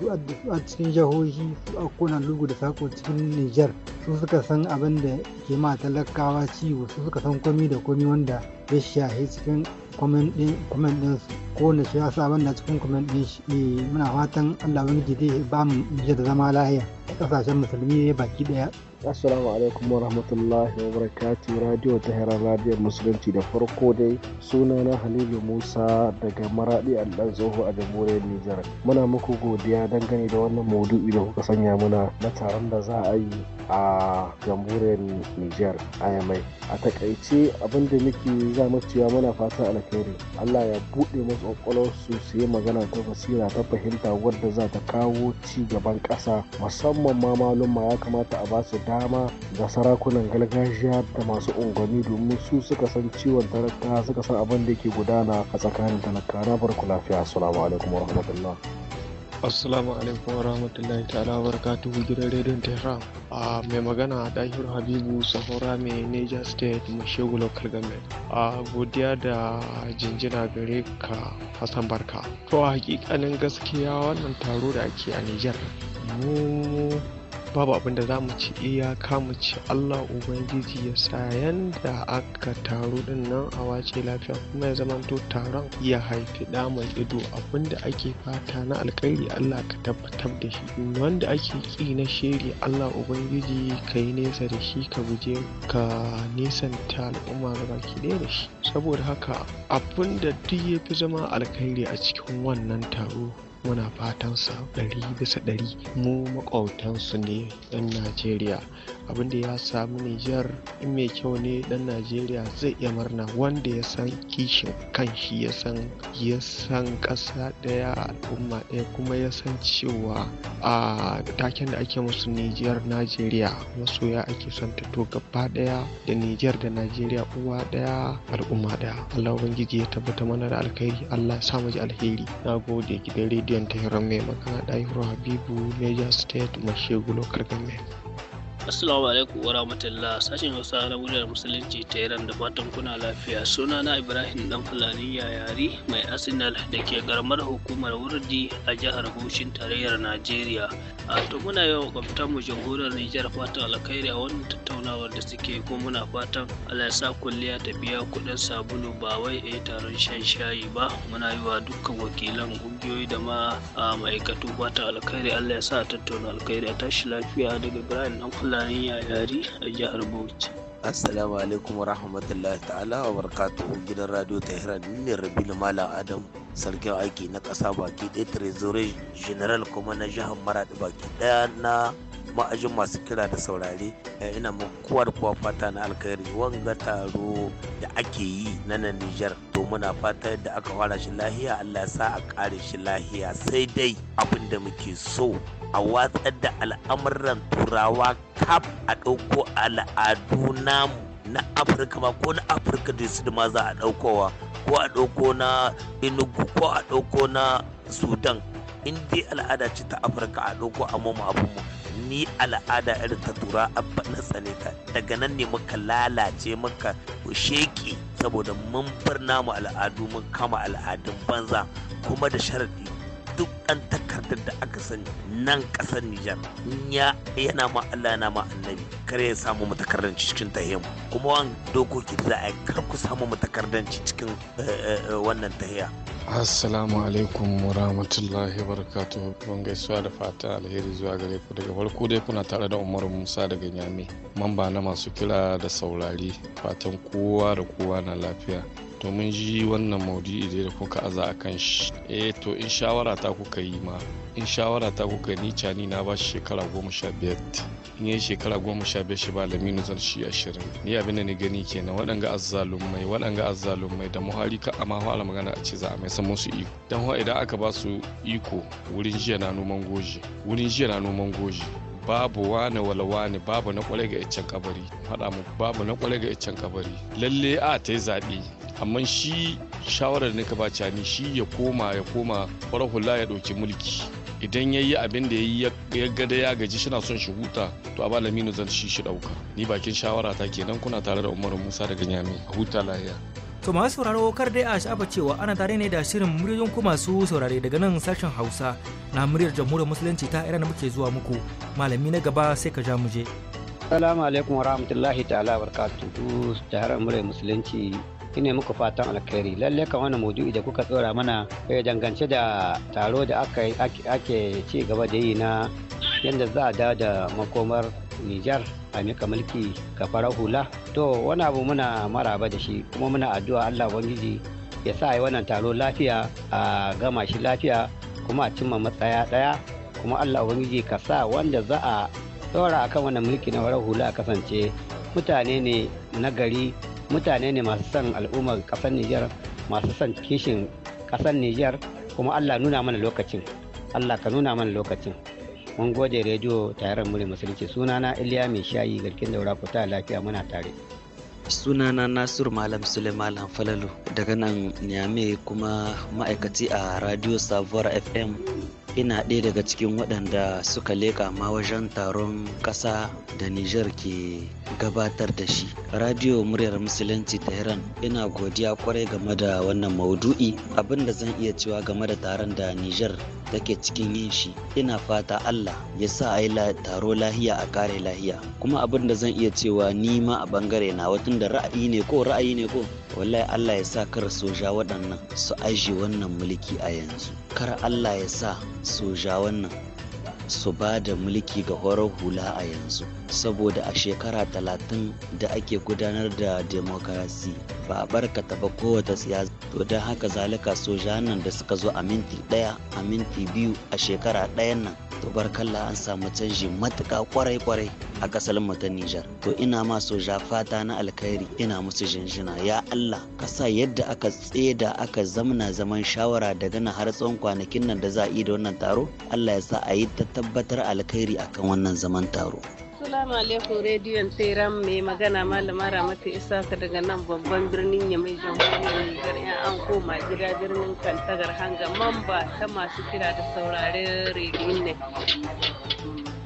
Su a cikin jihohi su a kuna lugu da sako cikin Nijar su suka san abin da ke ma talakawa ciwo su suka san komi da komi wanda ya shahi cikin comment din kowane ko wani su ya sa wannan cikin comment din shi eh, muna fatan Allah wani zai ba mu da zama lahiya kasashen musulmi ne baki ɗaya. Assalamu alaikum wa rahmatullahi wa barakati Radio Tehran Radio Musulunci da farko dai suna na Halilu Musa daga Maradi Allah Tsoho a Jamhuriyar Nijar. Muna muku godiya dangane da wannan maudu'i da kuka sanya muna na taron da za a yi a jamhuriyar Nijar a Yamai. A takaice abin da muke za mu cewa muna fata alheri. Allah ya buɗe masu ƙwaƙwalwarsu su yi magana ta basira ta fahimta wadda za ta kawo ci gaban ƙasa musamman ma malumma ya kamata a ba su da dama ga sarakunan gargajiya da masu unguwanni domin su suka san ciwon talaka suka san abin da ke gudana a tsakanin talaka na barku lafiya assalamu alaikum rahmatullah assalamu alaikum warahmatullahi ta'ala barakatuhu gidan rediyon tehran a mai magana a dahir habibu sahura mai niger state mashegu local government a godiya da jinjina gare ka hassan barka to a hakikanin gaskiya wannan taro da ake a niger mu babu abin da za mu ci iyaka mu ci Allah Ubangiji ya sa yanda aka taru din nan a wace lafiya kuma ya zamanto taron ya haifi da mai ido abin ake fata na alkairi Allah ka tabbatar da shi wanda ake ƙi na shiri Allah Ubangiji ka yi nesa da shi ka guje ka nesanta al'umma ga baki ɗaya da shi saboda haka abin duk ya fi zama alkhairi a cikin wannan taro muna fatan sa ɗari bisa ɗari mu su ne ɗan najeriya abin da ya samu nijar in mai kyau ne ɗan najeriya zai iya murna wanda ya san kishin kan shi ya san ya san ƙasa ɗaya al'umma ɗaya kuma ya san cewa a taken da ake musu nijar najeriya masoya ake son ta to gaba ɗaya da nijar da najeriya uwa ɗaya al'umma ɗaya allah ubangiji ya tabbata mana da alkhairi allah sa mu ji alheri na gode gidan rediyo diyante hiram me makana dai ro habibu neja state mo shegulo kargam Assalamu alaikum wa rahmatullah sashen Hausa na muryar Musulunci ta Iran da fatan kuna lafiya suna na Ibrahim dan Fulani Yayari mai Arsenal da ke garmar hukumar Wurdi a jihar Bauchin tarayyar Najeriya. A ah, to muna yau kwamfutar mu jamhuriyar Nijar fatan alkhairi a wannan tattaunawar da suke ko muna fatan Allah ya sa kulliya ta biya kuɗin sabulu ba wai a taron shan shayi ba muna yi wa dukkan wakilan ƙungiyoyi da ma ah, ma'aikatu fatan alkhairi Allah ya sa tattauna alkhairi a tashi lafiya daga Ibrahim dan Fulani Yayari a jihar Bauchi. Assalamu alaikum rahmatullahi ta'ala wa barakatuhu gidan radio Tehran ne Rabilu Malam Adam sarkin aiki na kasa baki ɗaya Trezore General kuma na jihar Maradi baki ɗaya na ma'ajin masu kira da saurare eh, ina kowa kuwa fata na alkhairi wanga taro da ake yi na nan Nijar to muna fata da aka fara shi lahiya Allah ya sa a kare shi lahiya sai dai abin da muke so a watsar da al'amuran turawa kaf a ɗauko al'adu namu na afirka ma ko na afirka da su ma za a ɗaukowa ko a ɗauko na inugu ko a ɗauko na sudan in dai al'ada ce ta afirka a ɗauko a mu abinmu ni al'ada irin ta tura abba na tsane ta daga nan ne muka lalace muka sheki saboda mun bar namu al'adu mun kama al'adun banza kuma da sharadi duk ɗan takardar da aka sani nan ƙasar Nijar ya yana ma Allah yana ma annabi kar ya samu mu takardanci cikin tahiyyar kuma wan dokoki da za a yi kar ku samu mu takardanci cikin eh, eh, eh, wannan tahiyya Assalamu alaikum wa rahmatullahi wa barakatuhu. Ban gaisuwa da fata alheri zuwa gare ku daga farko dai kuna tare da umar Musa daga Nyame. Mamba na masu kira da saurari fatan kowa da kowa na lafiya. to mun ji wannan maudu'i da kuka aza a kan shi eh to in shawara ta kuka yi ma in shawara ta kuka ni cani na ba shi shekara goma sha biyar in yi shekara goma sha biyar shi ba laminu zan shi ashirin ni abin da ni gani kenan waɗanga azzalumai waɗanga azzalumai da muhari ka amma fa magana a ce za a mai san musu iko dan idan aka ba su iko wurin jiya na noman goji wurin jiya na noman goji babu wane ne babu na kwarai ga iccen kabari faɗa mu babu na kwarai ga iccen kabari lalle a ta yi zaɓe amma shi shawarar da ka ba ni shi ya koma ya koma kwarar ya ɗauki mulki idan ya yi abin da ya gada ya gaji shi son shi huta to a balaminu zan shi shi ɗauka ni bakin shawara ta kenan kuna tare da umaru musa daga nyami huta lahiya To masu sauraro kar dai a sha'aba cewa ana tare ne da shirin muryoyin ku masu saurare daga nan sashen Hausa na muryar jamhuriyar musulunci ta Iran muke zuwa muku malami na gaba sai ka ja mu je. Assalamu alaikum warahmatullahi ta'ala barkatuhu jihar muryar musulunci ina muku fatan alkhairi lallai ka wannan maudu'i da kuka tsora mana ya eh, dangance da taro da aka ake ci gaba da yi na yadda za a da da makomar Nijar a mika mulki ga farar hula to wani abu muna maraba da shi kuma muna addu'a Allah Ubangiji ya sa yi wannan taro lafiya a gama shi lafiya kuma a cimma matsaya ɗaya kuma Allah Ubangiji ka sa wanda za a ɗora akan wannan mulki na farar hula kasance mutane ne na gari mutane ne masu son al'ummar ƙasar Nijar masu son kishin ƙasar Nijar kuma Allah nuna mana lokacin Allah ka nuna mana lokacin mun gode rediyo tayaran mure musulunci sunana iliya mai shayi garkin daura fita lafiya muna tare sunana nasiru malam suleiman falalu daga nan niamey kuma ma'aikaci a radio Savora fm ina ɗaya daga cikin waɗanda suka leƙa ma wajen taron ƙasa da Nijar ke gabatar da shi. Radio muryar Musulunci Tehran ina godiya kwarai game da wannan maudu'i abin da zan iya cewa game da taron da Nijar take cikin yin shi. Ina fata Allah ya sa a yi taro lahiya a kare lahiya. Kuma abin da zan iya cewa ni ma a bangare na watan da ra'ayi ne ko ra'ayi ne ko wallahi allah ya sa kar soja waɗannan su ajiye wannan mulki a yanzu kar allah ya sa soja wannan su ba da mulki ga horar hula a yanzu saboda a shekara talatin da ake gudanar da demokarasi ba a barkata ba kowace siyasa to don haka zalika nan da suka zo a minti ɗaya a minti biyu a shekara ɗayan nan to barkalla an samu canji matuka kwarai-kwarai a ƙasar mu ta Nijar. To ina ma soja fata na alkhairi ina musu jinjina ya Allah kasa yadda aka tseda aka zamna zaman shawara daga na har tsawon kwanakin nan da za a yi da wannan taro Allah ya sa a yi ta tabbatar alkhairi akan wannan zaman taro Salamu alaikum rediyon Tehran mai magana malama Ramatu ka daga nan babban birnin Yamai jamhuriyar ya yan an koma gida birnin Kantagar Hanga mamba ta masu kira da saurare rediyon ne.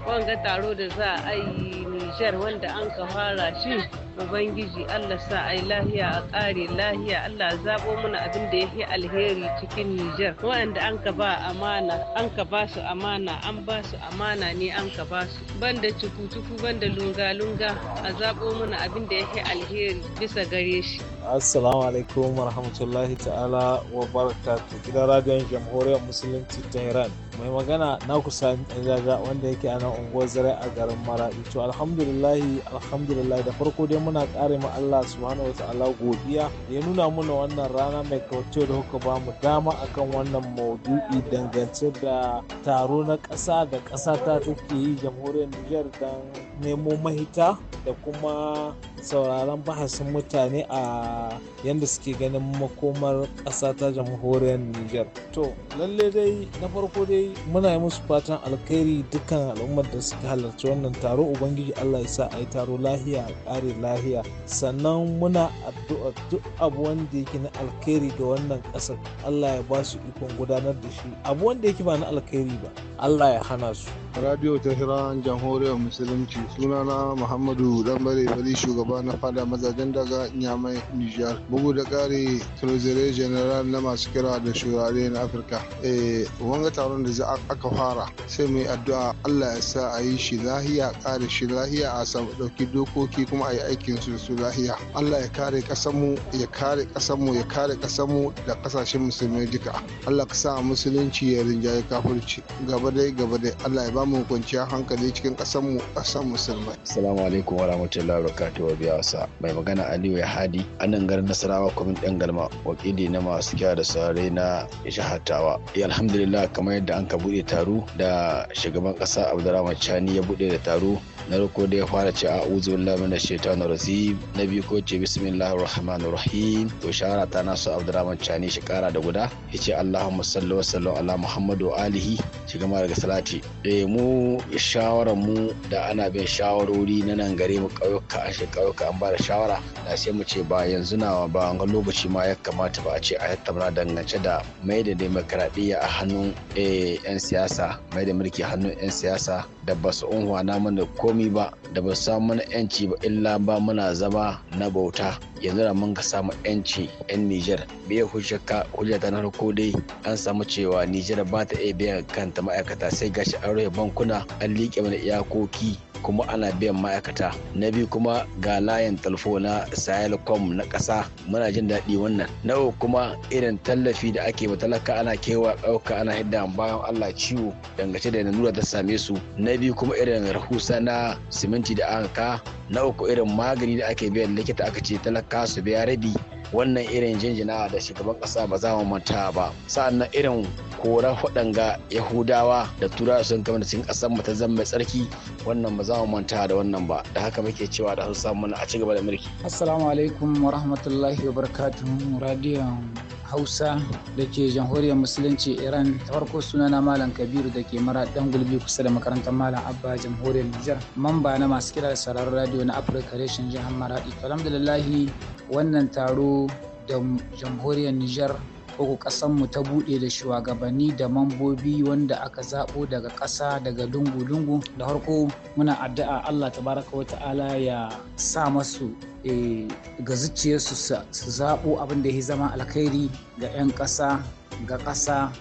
wanga taro da za a yi nijar wanda an ka fara shi ubangiji allah sa ai lahiya a ƙare lahiya allah zabo mana abin da ya fi alheri cikin nijar waɗanda an ka ba amana an ka ba su amana an ba su amana ne an ka ba su banda cuku-cuku banda lunga-lunga a zaɓo mana abin da ya fi alheri bisa gare shi Assalamu alaikum warahmatullahi ta'ala wa barakatu gidan radiyon jamhuriyar musulunci ta Iran. Mai magana na kusa daga wanda yake a nan unguwar zare a garin Maradi. To alhamdulillahi alhamdulillahi da farko dai muna kare ma Allah subhanahu wa ta'ala godiya da ya nuna muna wannan rana mai kauce da kuka ba mu dama akan wannan maudu'i dangance da taro na ƙasa da ƙasa ta take yi jamhuriyar Nijar dan nemo mahita da kuma sauraron bahasin mutane a a yadda suke ganin makomar ƙasa ta jamhuriyar Nijar. To, lalle dai na farko dai muna yi musu fatan alkhairi dukkan al'ummar da suka halarci wannan taro Ubangiji Allah ya sa a yi taro lahiya a ƙare lahiya. Sannan muna addu'a duk abu wanda yake na alkhairi ga wannan ƙasar Allah ya ba su ikon gudanar da shi. Abu wanda yake ba na alkhairi ba Allah ya hana su. Radio Tehran Jamhuriyar Musulunci sunana Muhammadu Dambare Bari shugaba na fada mazajen daga Nyamai Nijar bugu da ƙari Trezere General na masu kira da shurare na Afirka. Eh, wanga taron da aka fara sai mai addu'a Allah ya sa a yi shi lahiya ƙare shi lahiya a samu ɗauki dokoki kuma a yi aikin su su lahiya. Allah ya kare ƙasarmu ya kare ƙasarmu ya kare ƙasarmu da ƙasashen musulmai duka. Allah ka sa musulunci ya rinjaye kafirci gaba dai gaba dai Allah ya ba mu kwanciyar hankali cikin ƙasarmu ƙasar musulmai. Assalamu alaikum wa rahmatullahi wa barakatuhu wa biya mai magana Aliyu ya hadi ana nan garin nasarawa kwamin ɗan galma wakili na masu kya da saurare na jihar tawa eh, alhamdulillah kamar yadda an ka buɗe taro da shugaban ƙasa abdurrahman chani ya buɗe da taro na farko da ya fara ce a uzu da minash na rajim na biyu ko ce bismillah rahman rahim to shahara ta nasu abdurrahman chani shi kara da guda yace allahumma salli wa sallam ala muhammadu alihi shi gama daga salati eh mu shawaran mu da ana bin shawarori na nan gare mu kauyuka a an ba da shawara na sai mu ce ba yanzu na ba an lokaci ma ya kamata ba a ce a tattauna dangance da mai da demokradiyya a hannun eh, 'yan siyasa mai da mulki hannun 'yan siyasa da ba su unhwana mana komi ba da ba su samu mana yanci ba illa ba muna zama na bauta yanzu da mun ka samu yanci yan Nijar biya hujjaka hujjata na harko dai an samu cewa Nijar ba ta iya biyan kanta ma'aikata sai gashi an rufe bankuna an liƙe mana iyakoki kuma ana biyan ma'aikata na biyu kuma ga layin talfo na sahelcom na ƙasa muna jin daɗi wannan na kuma irin tallafi da ake talaka ana kewa ɗauka ana hidda bayan allah ciwo dangace da nanura ta same su na biyu kuma irin rahusa na siminti da anka, na uku irin magani da ake biyan likita aka ce talaka su biya rabi wannan irin jinjina da shugaban ƙasa ba za mu manta ba sa'annan irin korar ga yahudawa da turawa sun kama da cikin ƙasar mu ta zama mai tsarki wannan ba za mu manta da wannan ba da haka muke cewa da hausa muna a ci da mulki assalamu alaikum wa rahmatullahi wa barakatuhu radiyon hausa da ke jamhuriyar musulunci iran ta farko sunana malam kabiru da ke mara dan gulbi kusa da makarantar malam abba jamhuriyar nijar mamba na masu kira da sararin radio na afirka reshen jihar maradi alhamdulillahi wannan taro da jamhuriyar nijar uku mu ta buɗe da shugabanni da mambobi wanda aka zaɓo daga ƙasa daga dungu-dungu da harko muna addu'a Allah tabaraka wa ta'ala ya sa masu eh, ga zuciyarsu su zaɓo abin da ya zama alkhairi ga 'yan ƙasa ga ƙasa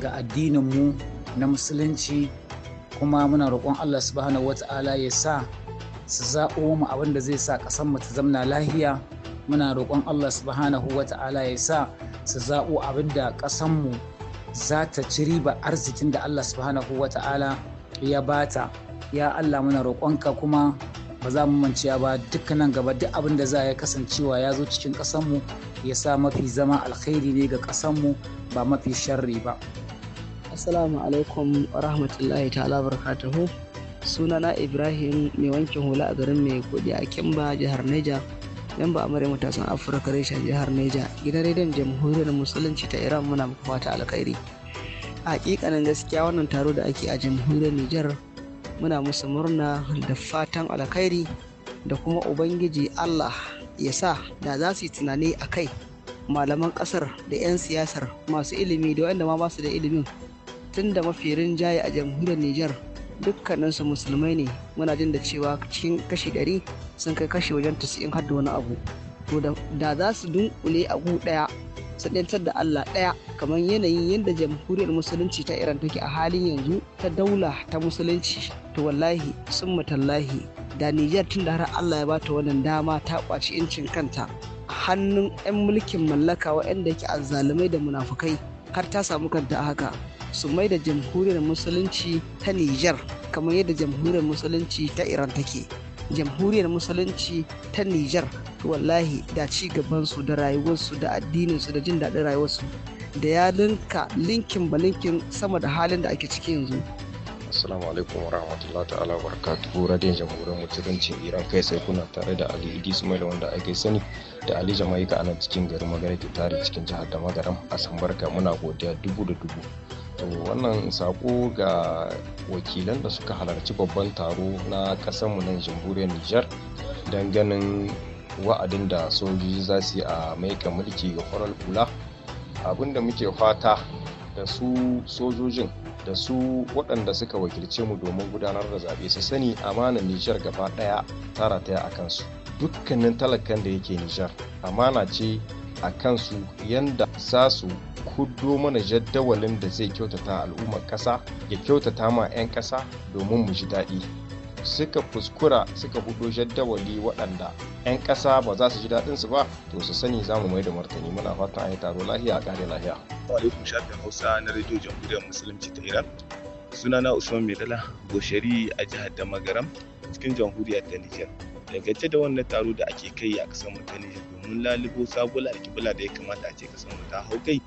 ga addininmu na musulunci kuma muna roƙon Allah subhanahu wa ta'ala ya sa su zaɓo mu abin da zai sa ƙasar mu ta zamna lahiya muna roƙon Allah subhanahu wa ta'ala ya sa su zaɓo abin da ƙasanmu za ta ci riba arzikin da Allah subhanahu wa ta'ala ya bata ya Allah muna roƙonka kuma ba za mu manciya ba dukkanin gaba duk abin da za ya kasancewa ya zo cikin ƙasanmu ya sa mafi zama alkhairi ne ga ƙasanmu ba mafi sharri ba. Assalamu alaikum wa rahmatullahi ta'ala barakatuhu sunana Ibrahim mai wanke hula a garin mai kudi a Kimba jihar Neja yan ba ta matasan afirka reshe jihar neja gidan rediyon jamhuriyar musulunci ta iran muna muku fata alkhairi a hakikanin gaskiya wannan taro da ake a jamhuriyar nijar muna musu murna da fatan alkhairi da kuma ubangiji allah ya sa da za su yi tunani a kai malaman kasar da 'yan siyasar masu ilimi da wanda ma basu da ilimin tun da mafi rinjaye a jamhuriyar Nijar dukkaninsu musulmai ne muna jin da cewa cikin kashi ɗari sun kai kashi wajen tasirin har wani abu to da za su dunkule a gu ɗaya su ɗantar da Allah ɗaya kamar yanayin yadda jamhuriyar musulunci ta Iran take a halin yanzu ta daula ta musulunci to wallahi sun matallahi da Nijar tun da har Allah ya bata wannan dama ta kwaci incin kanta hannun 'yan mulkin mallaka ke yake azzalumai da munafukai har ta samu kanta haka su mai da jamhuriyar musulunci ta Nijar kamar yadda jamhuriyar musulunci ta Iran take. jamhuriyar musulunci ta Nijar wallahi da ci gabansu da rayuwarsu da addininsu da jin daɗin rayuwarsu da ya linka linkin ba linkin sama da halin da ake ciki yanzu. Assalamu alaikum wa rahmatullah ta'ala wa barakatuhu radiyon jamhuriyar musulunci Iran kai sai kuna tare da Ali Idi Sumaila wanda ake sani da Ali Jamaika ana cikin garin Magana ke tare cikin jihar da Magaram a Sambarka muna godiya dubu da dubu. to wannan sako ga wakilan da suka halarci babban taro na mu nan jamhuriyar nijar don ganin wa'adin da sojoji za su yi a maika mulki ga farar kula abinda muke fata da su sojojin da su waɗanda suka wakilce mu domin gudanar da zaɓe su sani amanar nijar gaba ɗaya tara ta a kansu dukkanin talakan da yake nijar amana ce a kansu yanda za su kuddo mana jaddawalin da zai kyautata al'ummar ƙasa ya kyautata ma 'yan ƙasa domin mu ji daɗi suka fuskura suka buɗo jaddawali waɗanda 'yan ƙasa ba za su ji daɗin su ba to su sani za mu mai da martani muna fatan a yi taro lahiya a ƙare lahiya. alaikum shafin hausa na rediyo jamhuriyar musulunci ta iran suna na usman maidala goshari a jihar da magaram cikin jamhuriyar ta da dangance da wannan taro da ake kai a ƙasar mu ta niger domin lalubo sabuwar alƙibla da ya kamata a ce ƙasar mu ta hau kai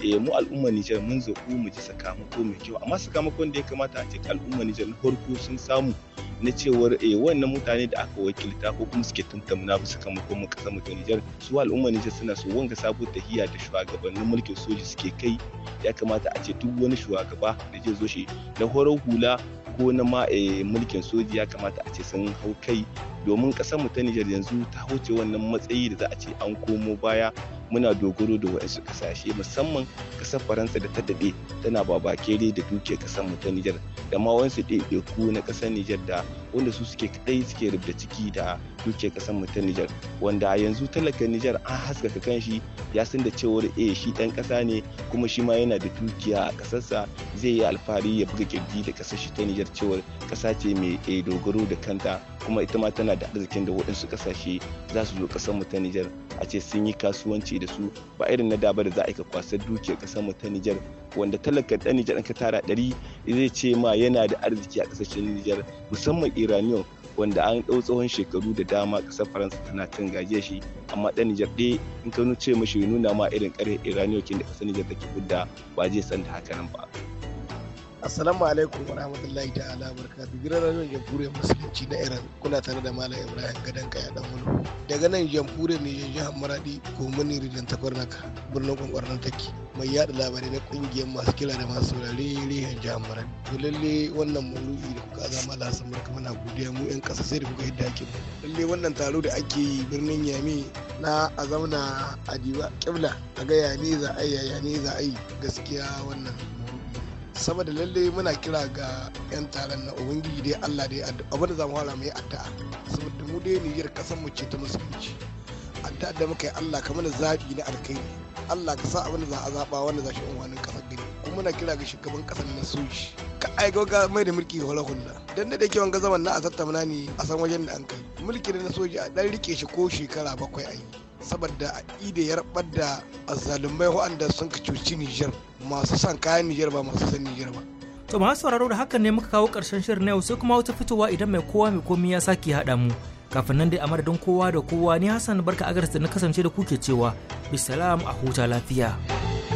eh mu al'umma Nijar mun zaku mu ji sakamako mai kyau amma sakamakon da ya kamata a ce al'umma Nijar na farko sun samu na cewar eh wannan mutane da aka wakilta ko kuma suke tantamna ba sakamakon mu kasa Nijar su al'umma Nijar suna so wanga sabuwar hiya da shugabannin mulkin soji suke kai ya kamata a ce duk wani shugaba da zai zo shi na horar hula ko na ma eh, mulkin soji ya kamata a ce sun hau kai domin ƙasar mu ta Nijar yanzu ta wuce wannan matsayi da za a ce an komo baya muna dogaro da waɗansu ƙasashe musamman ƙasar Faransa da ta daɗe tana babakere da duke ƙasar mu ta Nijar da ma wasu ɗaiɗaiku na ƙasar Nijar da wanda su suke kaɗai suke rubda ciki da duke ƙasar mu ta Nijar wanda yanzu talakan Nijar an haskaka kanshi ya san da cewar eh shi ɗan ƙasa ne kuma shi ma yana da dukiya a ƙasarsa zai yi alfahari ya buga kirji da ƙasar shi ta Nijar cewar ƙasa ce mai eh, dogaro da kanta kuma ita ma tana muna da arzikin da waɗansu ƙasashe za su zo ƙasar mu ta Nijar a ce sun yi kasuwanci da su ba irin na da ba da za a yi kwasar dukiyar ƙasar mu ta Nijar wanda talaka ɗan Nijar in ka tara ɗari zai ce ma yana da arziki a ƙasashen Nijar musamman Iraniyon wanda an ɗau tsohon shekaru da dama ƙasar Faransa tana cin gaje shi amma ɗan Nijar ɗaya in ka ce mashi nuna ma irin ƙarfe Iraniyokin da ƙasar Nijar take fudda ba zai san da haka nan ba. Assalamu alaikum wa rahmatullahi ta'ala da gidan radiyon jamhuriyar musulunci na Iran kuna tare da Malam Ibrahim gadon Kaya dan Wulu. Daga nan jamhuriyar jan jihar Maradi ko muni rijin takwarnaka birnin kwankwarnan take mai yada labarai na kungiyar masu kila da masu saurare rihin jihar Maradi. To lalle wannan maudu'i da kuka azama Alhassan barka muna godiya mu yan kasa sai da kuka yadda ake mu. Lalle wannan taro da ake yi birnin Yami na a zauna a diba kibla a ga yane za a yi yane za a yi gaskiya wannan saboda lalle muna kira ga 'yan taron na ubangiji dai allah dai abin da zamu fara mai addu'a saboda mu dai niyyar kasan mu ce ta musulunci addu'a da muka yi allah kamar zaɓi na alkhairi allah ka sa abin da za a zaɓa wanda za shi unwanin ƙasar gani. kuma muna kira ga shugaban ƙasar na soji ka aiko ga mai da mulki wala hula dan da ke wanga zaman na a tattauna ne a san wajen da an kai mulki na soji a dan rike shi ko shekara bakwai a yi saboda a ide ya rabar da azzalumai waɗanda sun ka cuci Nijar masu son kayan Nijar ba masu son Nijar ba. To masu sauraro da hakan ne muka kawo ƙarshen shirin yau sai kuma wata fitowa idan mai kowa mai komi ya sake haɗa mu. Kafin nan dai a madadin kowa da kowa ni Hassan barka agarsa na kasance da kuke cewa bisalam a huta lafiya.